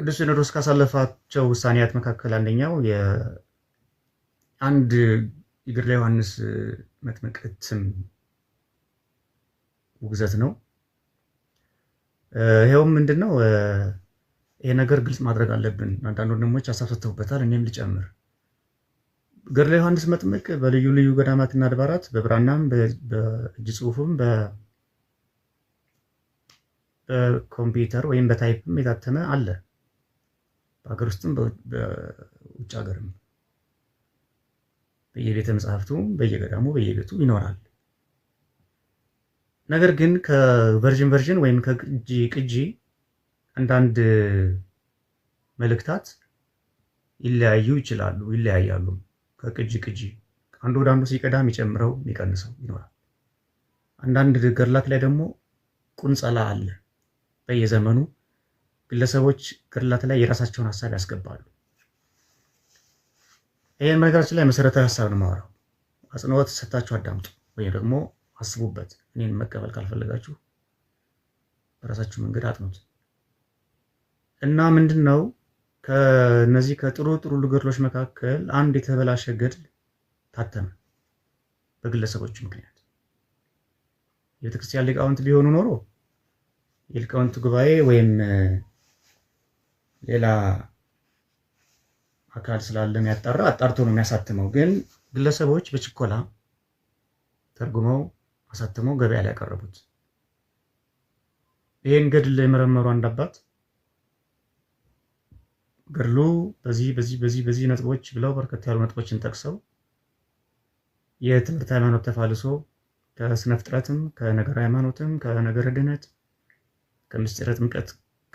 ቅዱስ ሲኖዶስ ካሳለፋቸው ውሳኔያት መካከል አንደኛው የአንድ የገድለ ዮሐንስ መጥመቅትም ውግዘት ነው። ይኸውም ምንድን ነው? ይሄ ነገር ግልጽ ማድረግ አለብን። አንዳንድ ወንድሞች አሳፍተውበታል። እኔም ልጨምር። ገድለ ዮሐንስ መጥምቅ በልዩ ልዩ ገዳማትና አድባራት በብራናም በእጅ ጽሑፍም በኮምፒውተር ወይም በታይፕም የታተመ አለ። በሀገር ውስጥም በውጭ ሀገርም በየቤተ መጽሐፍቱ በየገዳሙ በየቤቱ ይኖራል። ነገር ግን ከቨርዥን ቨርዥን ወይም ከቅጂ ቅጂ አንዳንድ መልእክታት ይለያዩ ይችላሉ፣ ይለያያሉ። ከቅጂ ቅጂ አንዱ ወደ አንዱ ሲቀዳ የሚጨምረው የሚቀንሰው ይኖራል። አንዳንድ ገድላት ላይ ደግሞ ቁንጸላ አለ በየዘመኑ ግለሰቦች ገድላት ላይ የራሳቸውን ሀሳብ ያስገባሉ። ይህን በነገራችን ላይ መሰረታዊ ሀሳብ ነው ማወራው። አጽንኦት ሰታችሁ አዳምጡ፣ ወይም ደግሞ አስቡበት። እኔን መቀበል ካልፈለጋችሁ በራሳችሁ መንገድ አጥኑት እና ምንድን ነው ከነዚህ ከጥሩ ጥሩ ገድሎች መካከል አንድ የተበላሸ ገድል ታተመ በግለሰቦች ምክንያት። የቤተክርስቲያን ሊቃውንት ቢሆኑ ኖሮ የሊቃውንት ጉባኤ ወይም ሌላ አካል ስላለ የሚያጣራ አጣርቶ ነው የሚያሳትመው። ግን ግለሰቦች በችኮላ ተርጉመው አሳትመው ገበያ ላይ ያቀረቡት። ይህን ገድል የመረመሩ አንድ አባት ገድሉ በዚህ በዚህ በዚህ በዚህ ነጥቦች ብለው በርከት ያሉ ነጥቦችን ጠቅሰው የትምህርት ሃይማኖት ተፋልሶ ከስነ ፍጥረትም ከነገር ሃይማኖትም ከነገር ድነት ከምስጢረ ጥምቀት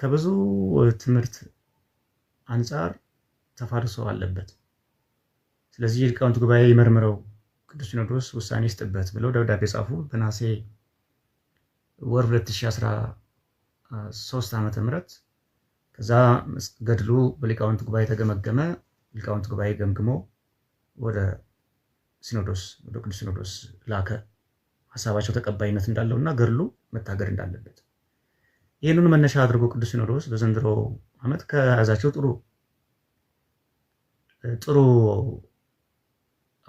ከብዙ ትምህርት አንጻር ተፋድሶ አለበት። ስለዚህ የሊቃውንት ጉባኤ ይመርምረው፣ ቅዱስ ሲኖዶስ ውሳኔ ይስጥበት ብለው ደብዳቤ ጻፉ። በነሐሴ ወር 2013 ዓ ም ከዛ ገድሉ በሊቃውንት ጉባኤ ተገመገመ። ሊቃውንት ጉባኤ ገምግሞ ወደ ሲኖዶስ ወደ ቅዱስ ሲኖዶስ ላከ። ሀሳባቸው ተቀባይነት እንዳለው እና ገድሉ መታገድ እንዳለበት ይህንን መነሻ አድርጎ ቅዱስ ሲኖዶስ በዘንድሮ ዓመት ከያዛቸው ጥሩ ጥሩ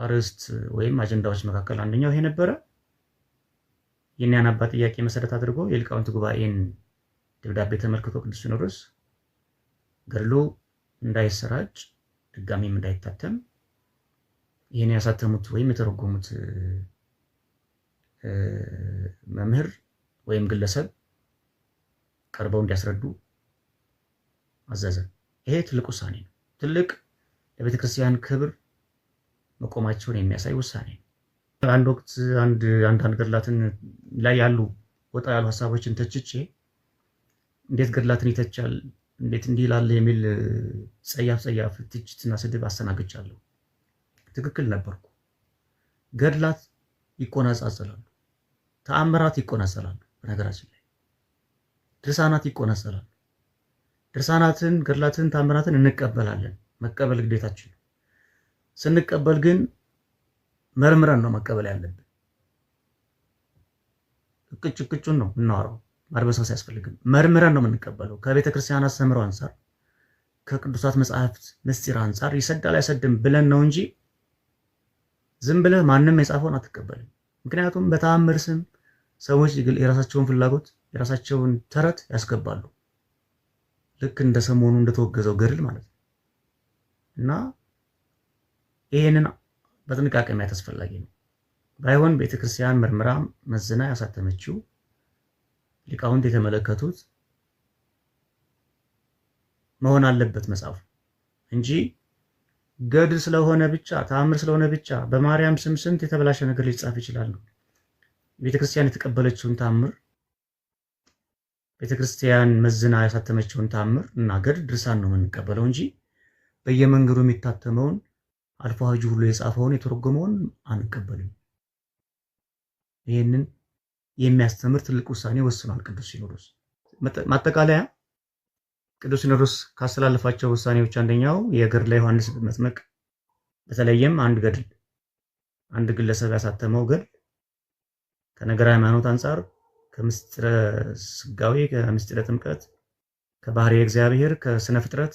አርዕስት ወይም አጀንዳዎች መካከል አንደኛው ይሄ ነበረ። የኒያን አባ ጥያቄ መሰረት አድርጎ የሊቃውንት ጉባኤን ደብዳቤ ተመልክቶ ቅዱስ ሲኖዶስ ገድሉ እንዳይሰራጭ ድጋሚም እንዳይታተም ይህን ያሳተሙት ወይም የተረጎሙት መምህር ወይም ግለሰብ ቀርበው እንዲያስረዱ አዘዘ። ይሄ ትልቅ ውሳኔ ነው። ትልቅ ለቤተ ክርስቲያን ክብር መቆማቸውን የሚያሳይ ውሳኔ ነው። አንድ ወቅት አንድ አንዳንድ ገድላትን ላይ ያሉ ወጣ ያሉ ሀሳቦችን ተችቼ እንዴት ገድላትን ይተቻል እንዴት እንዲህ ይላል የሚል ጸያፍ ጸያፍ ትችትና ስድብ አስተናግጃለሁ። ትክክል ነበርኩ። ገድላት ይቆናጻጸላሉ፣ ተአምራት ይቆናጸላሉ በነገራችን ድርሳናት ይቆነሰላል። ድርሳናትን፣ ገድላትን፣ ታምራትን እንቀበላለን። መቀበል ግዴታችን ነው። ስንቀበል ግን መርምረን ነው መቀበል ያለብን። እቅጭ እቅጩን ነው እናወራው፣ ማድበስበስ አያስፈልግም። መርምረን ነው የምንቀበለው። ከቤተ ክርስቲያን አስተምሮ አንጻር፣ ከቅዱሳት መጽሐፍት ምስጢር አንጻር ይሰዳል አይሰድም ብለን ነው እንጂ ዝም ብለህ ማንም የጻፈውን አትቀበልም። ምክንያቱም በተአምር ስም ሰዎች የራሳቸውን ፍላጎት የራሳቸውን ተረት ያስገባሉ። ልክ እንደ ሰሞኑ እንደተወገዘው ገድል ማለት ነው እና ይህንን በጥንቃቄ ማየት አስፈላጊ ነው። ባይሆን ቤተክርስቲያን ክርስቲያን መርምራ መዝና ያሳተመችው ሊቃውንት የተመለከቱት መሆን አለበት መጽሐፉ እንጂ ገድል ስለሆነ ብቻ ተአምር ስለሆነ ብቻ በማርያም ስም ስንት የተበላሸ ነገር ሊጻፍ ይችላል። ቤተክርስቲያን የተቀበለችውን ተአምር ቤተ ክርስቲያን መዝና ያሳተመችውን ተአምር እና ገድ ድርሳን ነው የምንቀበለው እንጂ በየመንገዱ የሚታተመውን አልፎ ሀጂ ሁሉ የጻፈውን የተረጎመውን አንቀበልም። ይህንን የሚያስተምር ትልቅ ውሳኔ ወስኗል ቅዱስ ሲኖዶስ። ማጠቃለያ ቅዱስ ሲኖዶስ ካስተላለፋቸው ውሳኔዎች አንደኛው የገድለ ዮሐንስ መጥምቅ፣ በተለይም አንድ ገድል አንድ ግለሰብ ያሳተመው ገድል ከነገር ሃይማኖት አንጻር ከምስጢረ ስጋዊ ከምስጢረ ጥምቀት ከባህሪ እግዚአብሔር ከስነ ፍጥረት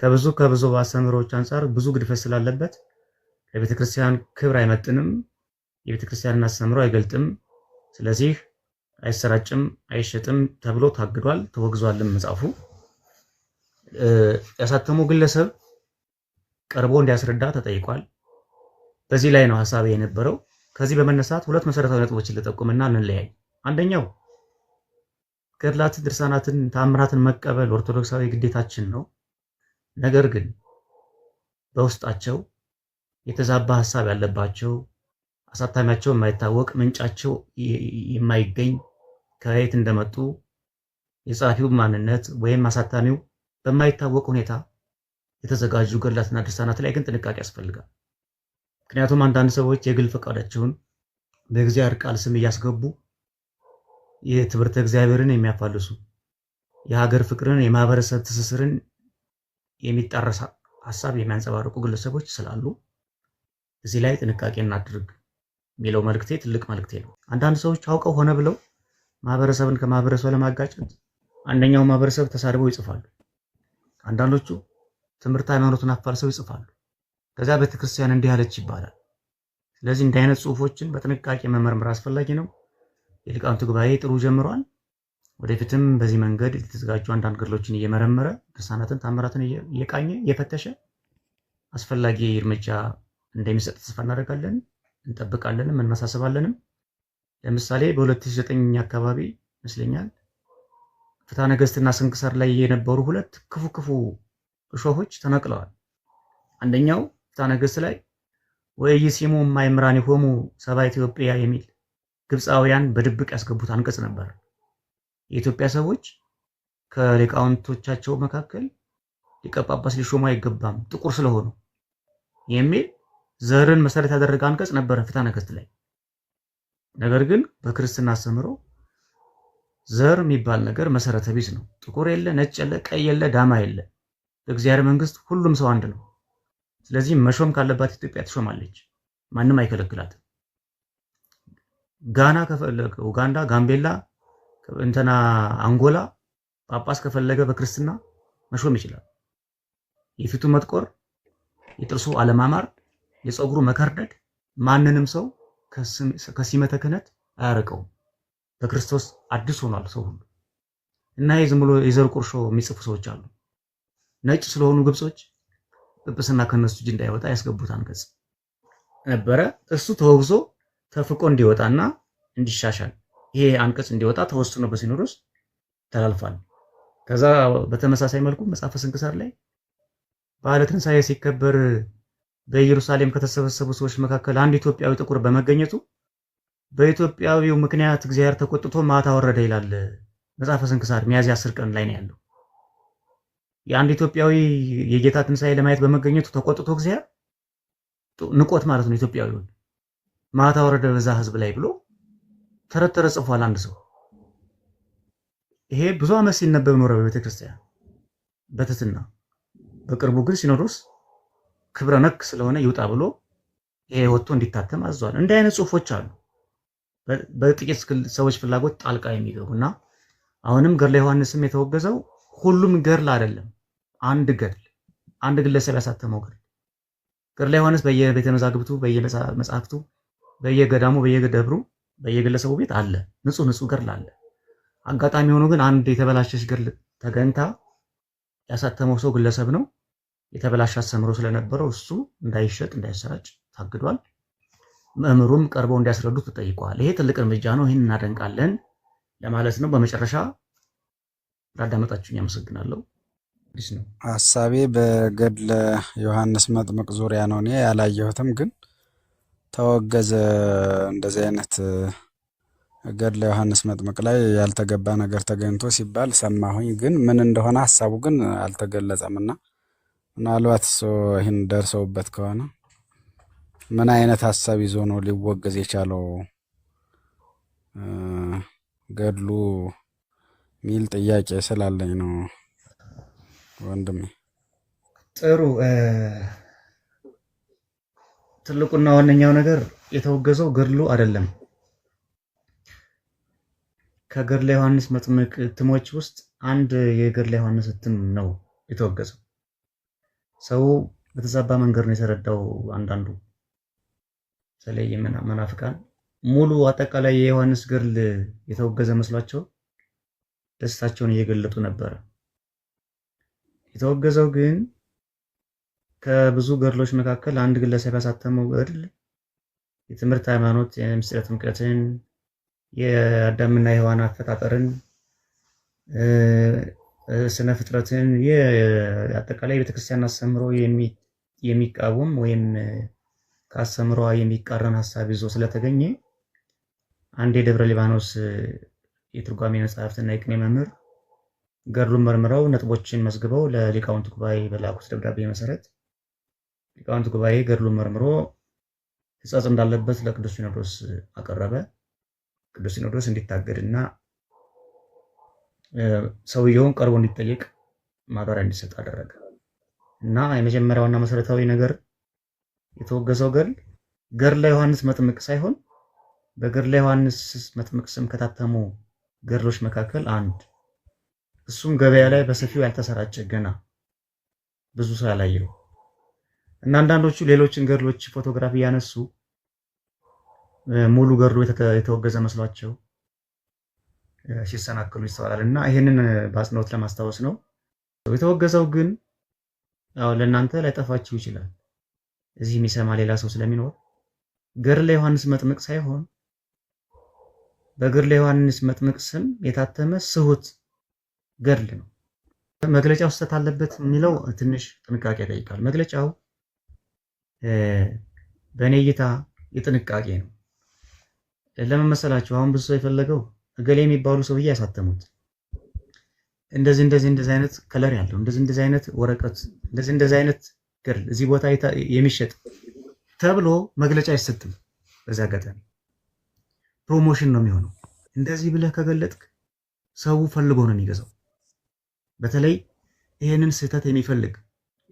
ከብዙ ከብዙ አስተምህሮች አንጻር ብዙ ግድፈት ስላለበት ለቤተ ክርስቲያን ክብር አይመጥንም፣ የቤተ ክርስቲያንን አስተምህሮ አይገልጥም፣ ስለዚህ አይሰራጭም፣ አይሸጥም ተብሎ ታግዷል፣ ተወግዟልም። መጽሐፉ ያሳተሙ ግለሰብ ቀርቦ እንዲያስረዳ ተጠይቋል። በዚህ ላይ ነው ሀሳቤ የነበረው። ከዚህ በመነሳት ሁለት መሰረታዊ ነጥቦችን ልጠቁምና እንለያይ። አንደኛው ገድላትን፣ ድርሳናትን፣ ታምራትን መቀበል ኦርቶዶክሳዊ ግዴታችን ነው። ነገር ግን በውስጣቸው የተዛባ ሀሳብ ያለባቸው አሳታሚያቸው የማይታወቅ ምንጫቸው የማይገኝ ከየት እንደመጡ የጸሐፊው ማንነት ወይም አሳታሚው በማይታወቅ ሁኔታ የተዘጋጁ ገድላትና ድርሳናት ላይ ግን ጥንቃቄ ያስፈልጋል። ምክንያቱም አንዳንድ ሰዎች የግል ፈቃዳቸውን በእግዚአብሔር ቃል ስም እያስገቡ የትምህርተ እግዚአብሔርን የሚያፋልሱ የሀገር ፍቅርን፣ የማህበረሰብ ትስስርን የሚጣረስ ሀሳብ የሚያንጸባርቁ ግለሰቦች ስላሉ እዚህ ላይ ጥንቃቄ እናድርግ የሚለው መልክቴ ትልቅ መልክቴ ነው። አንዳንድ ሰዎች አውቀው ሆነ ብለው ማህበረሰብን ከማህበረሰብ ለማጋጨት አንደኛው ማህበረሰብ ተሳድበው ይጽፋሉ። አንዳንዶቹ ትምህርት ሃይማኖትን አፋልሰው ይጽፋሉ። ከዛ ቤተክርስቲያን እንዲህ አለች ይባላል። ስለዚህ እንዲህ አይነት ጽሁፎችን በጥንቃቄ መመርመር አስፈላጊ ነው። የሊቃውንት ጉባኤ ጥሩ ጀምሯል። ወደፊትም በዚህ መንገድ የተዘጋጁ አንዳንድ ገድሎችን እየመረመረ ድርሳናትን፣ ታምራትን እየቃኘ እየፈተሸ አስፈላጊ እርምጃ እንደሚሰጥ ተስፋ እናደርጋለን፣ እንጠብቃለንም፣ እናሳስባለንም። ለምሳሌ በ2009 አካባቢ ይመስለኛል ፍትሐ ነገሥትና ስንክሳር ላይ የነበሩ ሁለት ክፉ ክፉ እሾሆች ተነቅለዋል። አንደኛው ፍትሐ ነገሥት ላይ ማይምራን ሆሙ ሰባ ኢትዮጵያ የሚል ግብፃውያን በድብቅ ያስገቡት አንቀጽ ነበር። የኢትዮጵያ ሰዎች ከሊቃውንቶቻቸው መካከል ሊቀ ጳጳስ ሊሾሙ አይገባም ጥቁር ስለሆኑ የሚል ዘርን መሰረት ያደረገ አንቀጽ ነበረ ፍትሐ ነገሥት ላይ። ነገር ግን በክርስትና አስተምህሮ ዘር የሚባል ነገር መሰረተ ቢስ ነው። ጥቁር የለ፣ ነጭ የለ፣ ቀይ የለ፣ ዳማ የለ። በእግዚአብሔር መንግስት ሁሉም ሰው አንድ ነው። ስለዚህ መሾም ካለባት ኢትዮጵያ ትሾማለች። ማንም አይከለክላትም። ጋና ከፈለገ ኡጋንዳ፣ ጋምቤላ፣ እንትና አንጎላ ጳጳስ ከፈለገ በክርስትና መሾም ይችላል። የፊቱ መጥቆር፣ የጥርሱ አለማማር፣ የፀጉሩ መከርደድ ማንንም ሰው ከሲመተ ክህነት አያርቀውም። በክርስቶስ አዲስ ሆኗል ሰው ሁሉ እና ይህ ዝም ብሎ የዘር ቁርሾ የሚጽፉ ሰዎች አሉ። ነጭ ስለሆኑ ግብጾች ጵጵስና ከነሱ እጅ እንዳይወጣ ያስገቡት አንቀጽ ነበረ። እሱ ተወግዞ ተፍቆ እንዲወጣና እንዲሻሻል ይሄ አንቀጽ እንዲወጣ ተወስኖ በሲኖዶስ ተላልፏል። ከዛ በተመሳሳይ መልኩ መጽሐፈ ስንክሳር ላይ በዓለ ትንሣኤ ሲከበር በኢየሩሳሌም ከተሰበሰቡ ሰዎች መካከል አንድ ኢትዮጵያዊ ጥቁር በመገኘቱ በኢትዮጵያዊው ምክንያት እግዚአብሔር ተቆጥቶ ማታ ወረደ ይላል መጽሐፈ ስንክሳር ሚያዝያ አስር ቀን ላይ ነው ያለው። የአንድ ኢትዮጵያዊ የጌታ ትንሣኤ ለማየት በመገኘቱ ተቆጥቶ እግዚአብሔር ንቆት ማለት ነው ኢትዮጵያዊውን ማታ ወረደ በዛ ህዝብ ላይ ብሎ ተረተረ ጽፏል አንድ ሰው። ይሄ ብዙ ዓመት ሲነበብ ኖረ በቤተ ክርስቲያን በትትና በቅርቡ ግን ሲኖዶስ ክብረ ነክ ስለሆነ ይውጣ ብሎ ይሄ ወጥቶ እንዲታተም አዟል። እንዲህ አይነት ጽሁፎች አሉ በጥቂት ሰዎች ፍላጎት ጣልቃ የሚገቡ እና አሁንም ገድለ ዮሐንስም የተወገዘው ሁሉም ገድል አይደለም። አንድ ገድል አንድ ግለሰብ ያሳተመው ገድል ገድለ ዮሐንስ በየቤተ መዛግብቱ በየመጽሐፍቱ በየገዳሙ በየደብሩ በየግለሰቡ ቤት አለ ንጹህ ንጹህ ገድል አለ። አጋጣሚ ሆኖ ግን አንድ የተበላሸች ገድል ተገንታ ያሳተመው ሰው ግለሰብ ነው። የተበላሸ አስተምሮ ስለነበረው እሱ እንዳይሸጥ እንዳይሰራጭ ታግዷል። መምህሩም ቀርበው እንዲያስረዱት ተጠይቀዋል። ይሄ ትልቅ እርምጃ ነው። ይህን እናደንቃለን ለማለት ነው። በመጨረሻ ላዳመጣችሁኝ አመሰግናለሁ። ሀሳቤ በገድለ ዮሐንስ መጥምቅ ዙሪያ ነው። እኔ ያላየሁትም ግን ተወገዘ። እንደዚህ አይነት ገድለ ዮሐንስ መጥምቅ ላይ ያልተገባ ነገር ተገኝቶ ሲባል ሰማሁኝ፣ ግን ምን እንደሆነ ሀሳቡ ግን አልተገለጸምና ምናልባት እሱ ይህን ደርሰውበት ከሆነ ምን አይነት ሀሳብ ይዞ ነው ሊወገዝ የቻለው ገድሉ ሚል ጥያቄ ስላለኝ ነው ወንድሜ ጥሩ ትልቁና ዋነኛው ነገር የተወገዘው ገድሉ አይደለም። ከገድለ ዮሐንስ መጥምቅ እትሞች ውስጥ አንድ የገድለ ዮሐንስ እትም ነው የተወገዘው። ሰው በተዛባ መንገድ ነው የተረዳው። አንዳንዱ በተለይ መናፍቃን ሙሉ አጠቃላይ የዮሐንስ ገድል የተወገዘ መስሏቸው ደስታቸውን እየገለጡ ነበረ። የተወገዘው ግን ከብዙ ገድሎች መካከል አንድ ግለሰብ ያሳተመው ገድል የትምህርት ሃይማኖት፣ የምስጢረ ጥምቀትን፣ የአዳምና የሔዋን አፈጣጠርን፣ ስነ ፍጥረትን፣ አጠቃላይ ቤተክርስቲያን አስተምሮ የሚቃወም ወይም ከአስተምሯ የሚቃረን ሀሳብ ይዞ ስለተገኘ አንድ የደብረ ሊባኖስ የትርጓሜ መጽሐፍትና የቅኔ መምህር ገድሉን መርምረው ነጥቦችን መዝግበው ለሊቃውንት ጉባኤ በላኩት ደብዳቤ መሰረት ሊቃውንት ጉባኤ ገድሉን መርምሮ ሕጸጽ እንዳለበት ለቅዱስ ሲኖዶስ አቀረበ። ቅዱስ ሲኖዶስ እንዲታገድና ሰውየውን ቀርቦ እንዲጠየቅ ማብራሪያ እንዲሰጥ አደረገ እና የመጀመሪያውና መሰረታዊ ነገር የተወገዘው ገድል ገድለ ዮሐንስ መጥምቅ ሳይሆን በገድለ ዮሐንስ መጥምቅ ስም ከታተሙ ገድሎች መካከል አንድ እሱም ገበያ ላይ በሰፊው ያልተሰራጨ ገና ብዙ ሰው ያላየው እና አንዳንዶቹ ሌሎችን ገድሎች ፎቶግራፊ እያነሱ ሙሉ ገድሎ የተወገዘ መስሏቸው ሲሰናክሉ ይስተዋላል። እና ይህንን በአጽንኦት ለማስታወስ ነው። የተወገዘው ግን ለእናንተ ላይጠፋችሁ ይችላል። እዚህ የሚሰማ ሌላ ሰው ስለሚኖር ገድለ ዮሐንስ መጥምቅ ሳይሆን በገድለ ዮሐንስ መጥምቅ ስም የታተመ ስሁት ገድል ነው። መግለጫው ስህተት አለበት የሚለው ትንሽ ጥንቃቄ ይጠይቃል። መግለጫው በእኔ እይታ የጥንቃቄ ነው። ለምን መሰላችሁ? አሁን ብዙ ሰው የፈለገው እገሌ የሚባሉ ሰውዬ ያሳተሙት እንደዚህ እንደዚህ እንደዚህ አይነት ከለር ያለው እንደዚህ እንደዚህ አይነት ወረቀት እንደዚህ እንደዚህ አይነት ገር እዚህ ቦታ የሚሸጥ ተብሎ መግለጫ አይሰጥም። በዚህ አጋጣሚ ፕሮሞሽን ነው የሚሆነው። እንደዚህ ብለህ ከገለጥክ ሰው ፈልጎ ነው የሚገዛው። በተለይ ይህንን ስህተት የሚፈልግ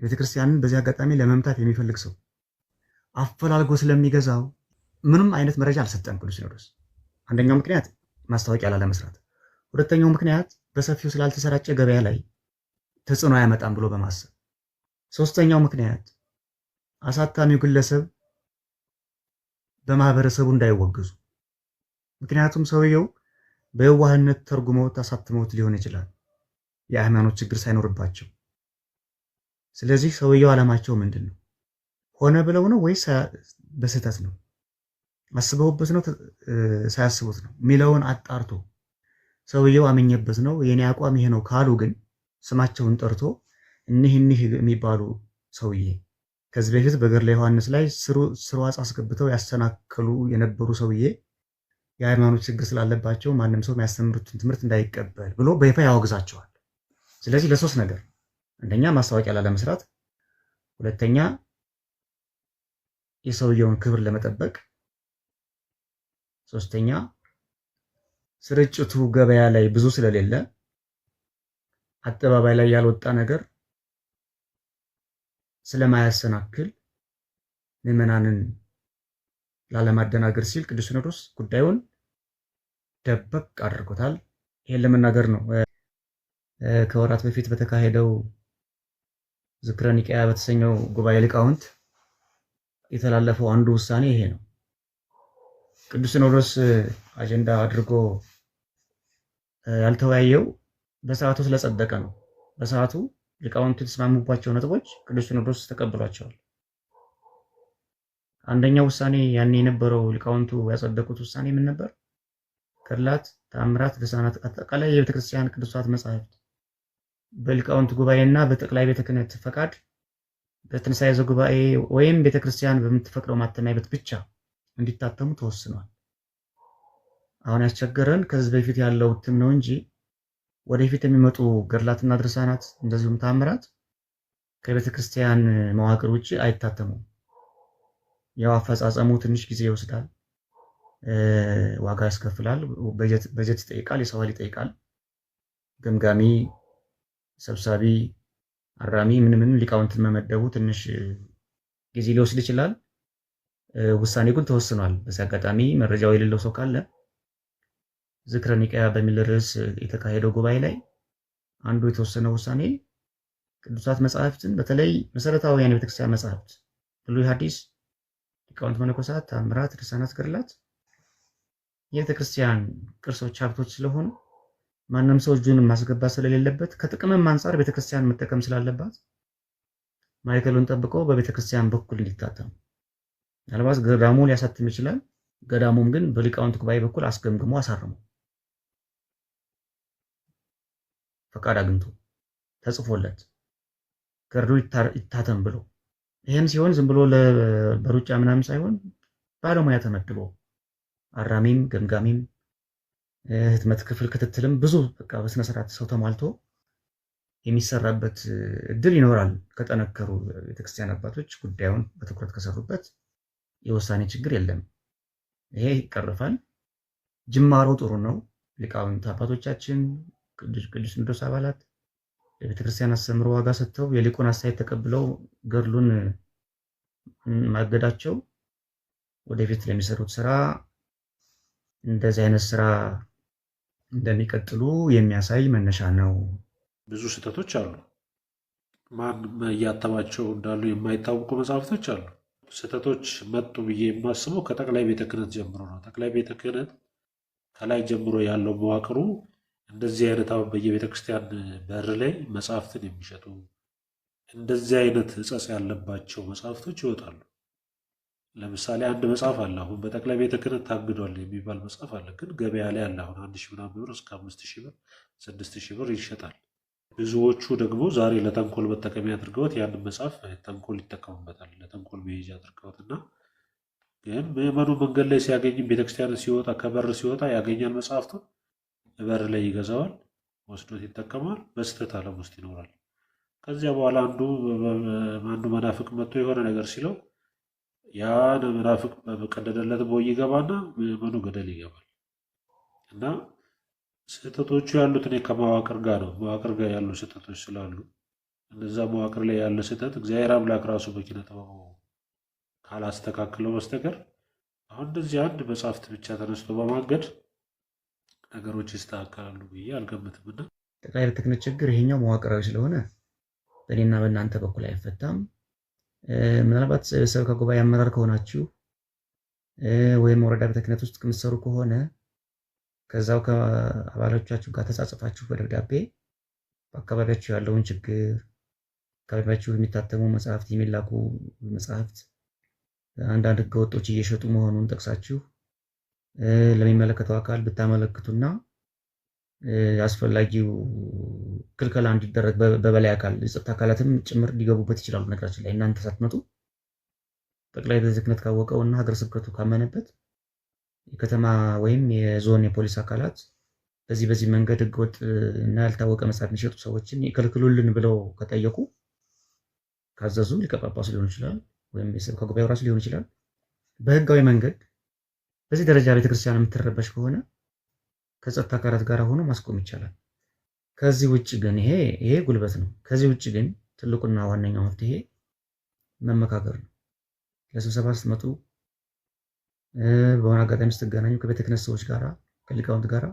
ቤተክርስቲያንን በዚህ አጋጣሚ ለመምታት የሚፈልግ ሰው አፈላልጎ ስለሚገዛው ምንም አይነት መረጃ አልሰጠም ቅዱስ ሲኖዶስ። አንደኛው ምክንያት ማስታወቂያ ላለመስራት፣ ሁለተኛው ምክንያት በሰፊው ስላልተሰራጨ ገበያ ላይ ተጽዕኖ አያመጣም ብሎ በማሰብ ሶስተኛው ምክንያት አሳታሚው ግለሰብ በማህበረሰቡ እንዳይወገዙ። ምክንያቱም ሰውየው በየዋህነት ተርጉመውት አሳትመውት ሊሆን ይችላል የሃይማኖት ችግር ሳይኖርባቸው። ስለዚህ ሰውየው ዓላማቸው ምንድን ነው? ሆነ ብለው ነው ወይስ በስህተት ነው አስበውበት ነው ሳያስቡት ነው የሚለውን አጣርቶ ሰውየው አመኘበት ነው የኔ አቋም ይሄ ነው ካሉ ግን ስማቸውን ጠርቶ እኒህ እኒህ የሚባሉ ሰውዬ ከዚህ በፊት በገድለ ዮሐንስ ላይ ስርዋጽ አስገብተው ያሰናከሉ የነበሩ ሰውዬ የሃይማኖት ችግር ስላለባቸው ማንም ሰው የሚያስተምሩትን ትምህርት እንዳይቀበል ብሎ በይፋ ያወግዛቸዋል። ስለዚህ ለሶስት ነገር፣ አንደኛ ማስታወቂያ ላለመስራት፣ ሁለተኛ የሰውየውን ክብር ለመጠበቅ፣ ሶስተኛ ስርጭቱ ገበያ ላይ ብዙ ስለሌለ አጠባባይ ላይ ያልወጣ ነገር ስለማያሰናክል ምዕመናንን ላለማደናገር ሲል ቅዱስ ሲኖዶስ ጉዳዩን ደበቅ አድርጎታል። ይሄን ለመናገር ነው። ከወራት በፊት በተካሄደው ዝክረ ኒቅያ በተሰኘው ጉባኤ ሊቃውንት የተላለፈው አንዱ ውሳኔ ይሄ ነው። ቅዱስ ሲኖዶስ አጀንዳ አድርጎ ያልተወያየው በሰዓቱ ስለጸደቀ ነው። በሰዓቱ ሊቃውንቱ የተስማሙባቸው ነጥቦች ቅዱስ ሲኖዶስ ተቀብሏቸዋል። አንደኛው ውሳኔ ያኔ የነበረው ሊቃውንቱ ያጸደቁት ውሳኔ ምን ነበር? ገድላት፣ ተአምራት፣ ድርሳናት፣ አጠቃላይ የቤተክርስቲያን ቅዱሳት መጻሕፍት በሊቃውንት ጉባኤና በጠቅላይ ቤተ ክህነት ፈቃድ በትንሣኤ ዘጉባኤ ወይም ቤተ ክርስቲያን በምትፈቅደው ማተሚያ ቤት ብቻ እንዲታተሙ ተወስኗል። አሁን ያስቸገረን ከዚህ በፊት ያለው እትም ነው እንጂ ወደፊት የሚመጡ ገድላትና ድርሳናት እንደዚሁም ታምራት ከቤተ ክርስቲያን መዋቅር ውጭ አይታተሙም። ያው አፈጻጸሙ ትንሽ ጊዜ ይወስዳል፣ ዋጋ ያስከፍላል፣ በጀት ይጠይቃል፣ የሰው ኃይል ይጠይቃል፣ ግምጋሚ ሰብሳቢ አራሚ ምን ምን ሊቃውንትን መመደቡ ትንሽ ጊዜ ሊወስድ ይችላል። ውሳኔ ግን ተወስኗል። በዚህ አጋጣሚ መረጃው የሌለው ሰው ካለ ዝክረ ኒቃያ በሚል ርዕስ የተካሄደው ጉባኤ ላይ አንዱ የተወሰነ ውሳኔ ቅዱሳት መጽሐፍትን በተለይ መሰረታዊያን የቤተክርስቲያን መጽሐፍት ብሉይ፣ ሐዲስ፣ ሊቃውንት መነኮሳት፣ ታምራት፣ ድርሳናት፣ ገድላት የቤተክርስቲያን ቅርሶች ሀብቶች ስለሆኑ ማንም ሰው እጁን ማስገባት ስለሌለበት ከጥቅምም አንጻር ቤተክርስቲያን መጠቀም ስላለባት ማይከሉን ጠብቆ በቤተክርስቲያን በኩል እንዲታተም ምናልባት ገዳሙ ሊያሳትም ይችላል። ገዳሙም ግን በሊቃውንት ጉባኤ በኩል አስገምግሞ አሳርሞ ፈቃድ አግኝቶ ተጽፎለት ገርዶ ይታተም ብሎ ይህም ሲሆን ዝም ብሎ በሩጫ ምናምን ሳይሆን ባለሙያ ተመድቦ አራሚም ገምጋሚም ህትመት ክፍል ክትትልም ብዙ በቃ በስነስርዓት ሰው ተሟልቶ የሚሰራበት እድል ይኖራል። ከጠነከሩ ቤተክርስቲያን አባቶች ጉዳዩን በትኩረት ከሰሩበት የውሳኔ ችግር የለም። ይሄ ይቀርፋል። ጅማሮ ጥሩ ነው። ሊቃውንት አባቶቻችን፣ ቅዱስ ሲኖዶስ አባላት ለቤተክርስቲያን አስተምሮ ዋጋ ሰጥተው የሊቁን አስተያየት ተቀብለው ገድሉን ማገዳቸው ወደፊት ለሚሰሩት ስራ እንደዚህ አይነት ስራ እንደሚቀጥሉ የሚያሳይ መነሻ ነው። ብዙ ስህተቶች አሉ። ማን እያተማቸው እንዳሉ የማይታወቁ መጽሐፍቶች አሉ። ስህተቶች መጡ ብዬ የማስበው ከጠቅላይ ቤተ ክህነት ጀምሮ ነው። ጠቅላይ ቤተ ክህነት ከላይ ጀምሮ ያለው መዋቅሩ እንደዚህ አይነት አሁን በየቤተ ክርስቲያን በር ላይ መጽሐፍትን የሚሸጡ እንደዚህ አይነት እጸጽ ያለባቸው መጽሐፍቶች ይወጣሉ። ለምሳሌ አንድ መጽሐፍ አለ። አሁን በጠቅላይ ቤተ ክህነት ታግዷል የሚባል መጽሐፍ አለ። ግን ገበያ ላይ አለ። አሁን አንድ ሺህ ምናምን ብር እስከ አምስት ሺህ ብር ስድስት ሺህ ብር ይሸጣል። ብዙዎቹ ደግሞ ዛሬ ለተንኮል መጠቀሚያ አድርገውት ያንን መጽሐፍ ተንኮል ይጠቀሙበታል፣ ለተንኮል መሄጃ አድርገውት እና ግን ምዕመኑ መንገድ ላይ ሲያገኝም ቤተክርስቲያን ሲወጣ ከበር ሲወጣ ያገኛል መጽሐፍቱን በር ላይ ይገዛዋል፣ ወስዶት ይጠቀማል፣ በስህተት ዓለም ውስጥ ይኖራል። ከዚያ በኋላ አንዱ አንዱ መናፍቅ መጥቶ የሆነ ነገር ሲለው ያ መናፍቅ በቀደደለት ቦይ ይገባና ምዕመኑ ገደል ይገባል። እና ስህተቶቹ ያሉት እኔ ከመዋቅር ጋር ነው። መዋቅር ጋር ያሉ ስህተቶች ስላሉ እነዛ መዋቅር ላይ ያለ ስህተት እግዚአብሔር አምላክ ራሱ በኪነ ጥበቡ ካላስተካክለው በስተቀር አሁን እንደዚህ አንድ መጽሐፍት ብቻ ተነስቶ በማገድ ነገሮች ይስተካከላሉ ብዬ አልገምትምና ጠቅላይ ቤተ ክህነት ችግር ይሄኛው መዋቅራዊ ስለሆነ በእኔና በእናንተ በኩል አይፈታም። ምናልባት ሰበካ ጉባኤ አመራር ከሆናችሁ ወይም ወረዳ ቤተ ክህነት ውስጥ ከምትሰሩ ከሆነ ከዛው ከአባሎቻችሁ ጋር ተጻጽፋችሁ በደብዳቤ በአካባቢያችሁ ያለውን ችግር አካባቢያችሁ የሚታተሙ መጽሐፍት፣ የሚላኩ መጽሐፍት አንዳንድ ህገወጦች እየሸጡ መሆኑን ጠቅሳችሁ ለሚመለከተው አካል ብታመለክቱና አስፈላጊው ክልከላ እንዲደረግ በበላይ አካል የጸጥታ አካላትም ጭምር ሊገቡበት ይችላሉ። ነገራችን ላይ እናንተ ሳትመጡ ጠቅላይ ቤተ ክህነት ካወቀው እና ሀገረ ስብከቱ ካመነበት የከተማ ወይም የዞን የፖሊስ አካላት በዚህ በዚህ መንገድ ህገወጥ እና ያልታወቀ መጽሐፍ የሚሸጡ ሰዎችን ይከልክሉልን ብለው ከጠየቁ ካዘዙ ሊቀ ጳጳሱ ሊሆን ይችላል ወይም የሰብካ ጉባኤው ራሱ ሊሆን ይችላል። በህጋዊ መንገድ በዚህ ደረጃ ቤተክርስቲያን የምትረበሽ ከሆነ ከጸጥታ አካላት ጋር ሆኖ ማስቆም ይቻላል። ከዚህ ውጭ ግን ይሄ ይሄ ጉልበት ነው። ከዚህ ውጭ ግን ትልቁና ዋነኛው መፍትሄ መመካከር ነው። ለስብሰባ ስትመጡ፣ በሆነ አጋጣሚ ስትገናኙ ከቤተ ክህነት ሰዎች ጋራ ከሊቃውንት ጋራ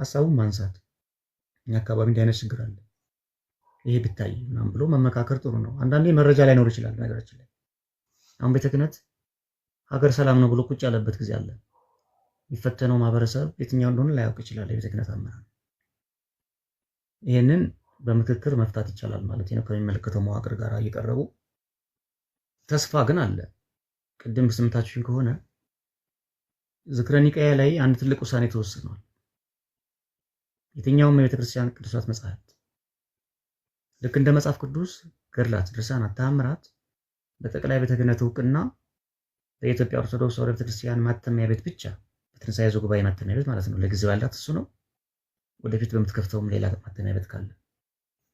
ሀሳቡን ማንሳት አካባቢ እንዲህ አይነት ችግር አለ ይሄ ብታይ ምናምን ብሎ መመካከር ጥሩ ነው። አንዳንዴ መረጃ ላይኖር ይችላል። ነገራችን ላይ አሁን ቤተ ክህነት ሀገር ሰላም ነው ብሎ ቁጭ ያለበት ጊዜ አለ። የሚፈተነው ማህበረሰብ የትኛው እንደሆነ ላያውቅ ይችላል። የቤተ ክህነት አመራር ይህንን በምክክር መፍታት ይቻላል ማለት ነው፣ ከሚመለከተው መዋቅር ጋር እየቀረቡ ተስፋ ግን አለ። ቅድም ስምታችን ከሆነ ዝክረ ኒቃያ ላይ አንድ ትልቅ ውሳኔ ተወስኗል። የትኛውም የቤተክርስቲያን ቅዱሳት መጽሐፍት ልክ እንደ መጽሐፍ ቅዱስ ገድላት፣ ድርሳናት፣ ተአምራት በጠቅላይ ቤተ ክህነት እውቅና በኢትዮጵያ ኦርቶዶክስ ተዋሕዶ ቤተክርስቲያን ማተሚያ ቤት ብቻ በትንሳኤ ዘ ጉባኤ ማተሚያ ቤት ማለት ነው። ለጊዜው ያላት እሱ ነው። ወደፊት በምትከፍተውም ሌላ ማተሚያ ቤት ካለ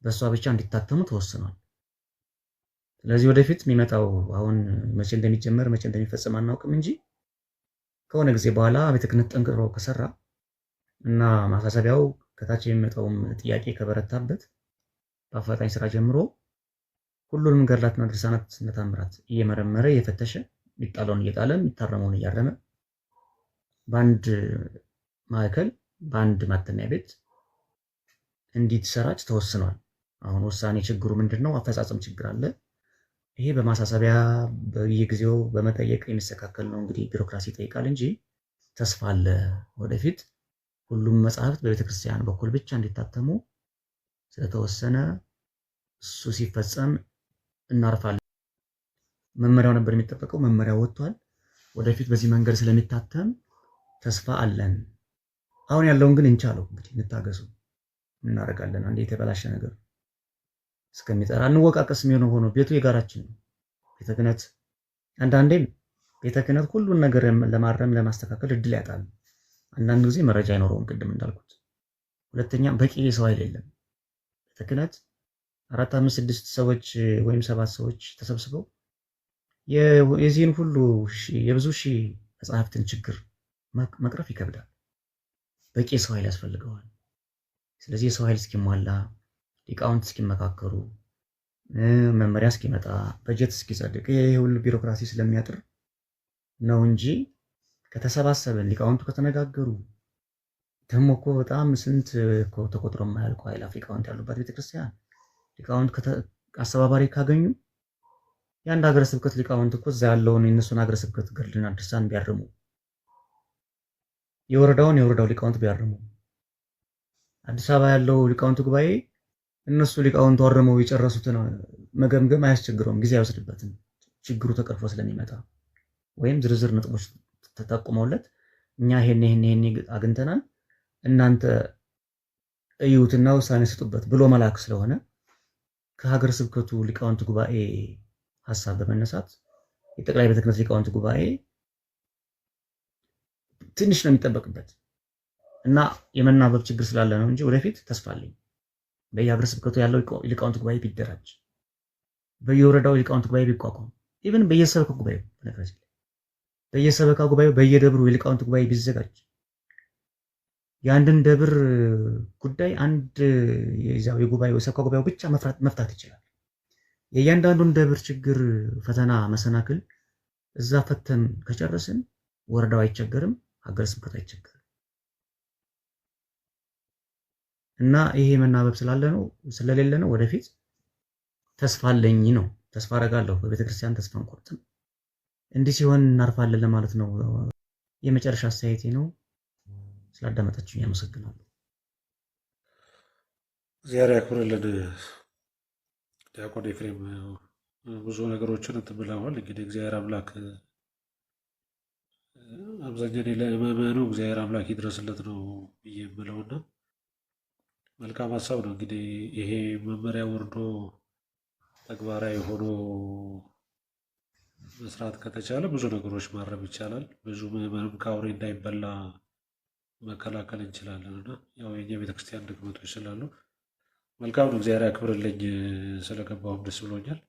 በእሷ ብቻ እንዲታተሙ ተወስኗል። ስለዚህ ወደፊት የሚመጣው አሁን መቼ እንደሚጀመር መቼ እንደሚፈጽም አናውቅም እንጂ ከሆነ ጊዜ በኋላ ቤተ ክህነት ጠንቅሮ ከሰራ እና ማሳሰቢያው ከታች የሚመጣውም ጥያቄ ከበረታበት በአፋጣኝ ስራ ጀምሮ ሁሉንም ገድላትና ድርሳናትና ታምራት እየመረመረ እየፈተሸ የሚጣለውን እየጣለ የሚታረመውን እያረመ በአንድ ማዕከል በአንድ ማተሚያ ቤት እንዲሰራጭ ተወስኗል። አሁን ውሳኔ ችግሩ ምንድን ነው? አፈጻጸም ችግር አለ። ይሄ በማሳሰቢያ በየጊዜው በመጠየቅ የሚስተካከል ነው። እንግዲህ ቢሮክራሲ ይጠይቃል እንጂ ተስፋ አለ። ወደፊት ሁሉም መጽሐፍት በቤተክርስቲያን በኩል ብቻ እንዲታተሙ ስለተወሰነ እሱ ሲፈጸም እናርፋለን። መመሪያው ነበር የሚጠበቀው፣ መመሪያው ወጥቷል። ወደፊት በዚህ መንገድ ስለሚታተም ተስፋ አለን። አሁን ያለውን ግን እንቻለው እንግዲህ እንታገሰው። እናደርጋለን አንዴ የተበላሸ ነገር እስከሚጠራ እንወቃቀስ የሚሆነው ሆኖ ቤቱ የጋራችን ነው። ቤተ ክህነት አንዳንዴም ቤተ ክህነት ሁሉን ነገር ለማረም ለማስተካከል እድል ያጣል። አንዳንድ ጊዜ መረጃ አይኖረውም ቅድም እንዳልኩት። ሁለተኛ በቂ ሰው ኃይል የለም። ቤተ ክህነት አራት አምስት ስድስት ሰዎች ወይም ሰባት ሰዎች ተሰብስበው የዚህን ሁሉ የብዙ ሺህ መጽሐፍትን ችግር መቅረፍ ይከብዳል። በቂ የሰው ኃይል ያስፈልገዋል። ስለዚህ የሰው ኃይል እስኪሟላ፣ ሊቃውንት እስኪመካከሩ፣ መመሪያ እስኪመጣ፣ በጀት እስኪጸድቅ ይህ ሁሉ ቢሮክራሲ ስለሚያጥር ነው እንጂ ከተሰባሰብን ሊቃውንቱ ከተነጋገሩ ደግሞ እኮ በጣም ስንት ተቆጥሮ የማያልቁ ኃይላፍ ሊቃውንት ያሉባት ቤተክርስቲያን ሊቃውንት አስተባባሪ ካገኙ የአንድ ሀገረ ስብከት ሊቃውንት እኮ እዛ ያለውን የእነሱን ሀገረ ስብከት ገድልና ድርሳን ቢያርሙ የወረዳውን የወረዳው ሊቃውንት ቢያርሙ አዲስ አበባ ያለው ሊቃውንት ጉባኤ እነሱ ሊቃውንት አርመው የጨረሱትን መገምገም አያስቸግረውም፣ ጊዜ አይወስድበትም። ችግሩ ተቀርፎ ስለሚመጣ ወይም ዝርዝር ነጥቦች ተጠቁመውለት እኛ ይሄን ይሄን ይሄን አግኝተናል እናንተ እዩትና ውሳኔ ስጡበት ብሎ መላክ ስለሆነ ከሀገር ስብከቱ ሊቃውንት ጉባኤ ሀሳብ በመነሳት የጠቅላይ ቤተ ክህነት ሊቃውንት ጉባኤ ትንሽ ነው የሚጠበቅበት እና የመናበብ ችግር ስላለ ነው እንጂ ወደፊት ተስፋ አለኝ። በየሀገረ ስብከቱ ያለው ሊቃውንት ጉባኤ ቢደራጅ፣ በየወረዳው ሊቃውንት ጉባኤ ቢቋቋም፣ ኢቨን በየሰበካ ጉባኤው በነገራችን ላይ በየሰበካ ጉባኤው በየደብሩ የሊቃውንት ጉባኤ ቢዘጋጅ የአንድን ደብር ጉዳይ አንድ የዚያው የጉባኤው የሰብካ ጉባኤው ብቻ መፍታት ይችላል። የእያንዳንዱን ደብር ችግር፣ ፈተና፣ መሰናክል እዛ ፈተን ከጨረስን ወረዳው አይቸገርም። ሀገረ ስብከት አይቸገርም። እና ይሄ መናበብ ስላለ ነው ስለሌለ ነው። ወደፊት ተስፋ አለኝ ነው ተስፋ አረጋለሁ በቤተክርስቲያን ተስፋ አንቆርጥም። እንዲህ ሲሆን እናርፋለን ለማለት ነው። የመጨረሻ አስተያየቴ ነው። ስላዳመጣችሁ አመሰግናለሁ። እግዚአብሔር ያክብርልን። ዲያቆን ኤፍሬም ብዙ ነገሮችን እንትን ብለዋል። እንግዲህ እግዚአብሔር አምላክ አብዛኛው ለመመኑ እግዚአብሔር አምላክ ይድረስለት ነው ብዬ የምለውና መልካም ሀሳብ ነው። እንግዲህ ይሄ መመሪያ ወርዶ ተግባራዊ ሆኖ መስራት ከተቻለ ብዙ ነገሮች ማረም ይቻላል። ብዙ ምዕመንም ከአውሬ እንዳይበላ መከላከል እንችላለን እና ያው የኛ ቤተክርስቲያን ድክመቶች ስላሉ መልካም ነው። እግዚአብሔር ያክብርልኝ። ስለገባሁም ደስ ብሎኛል።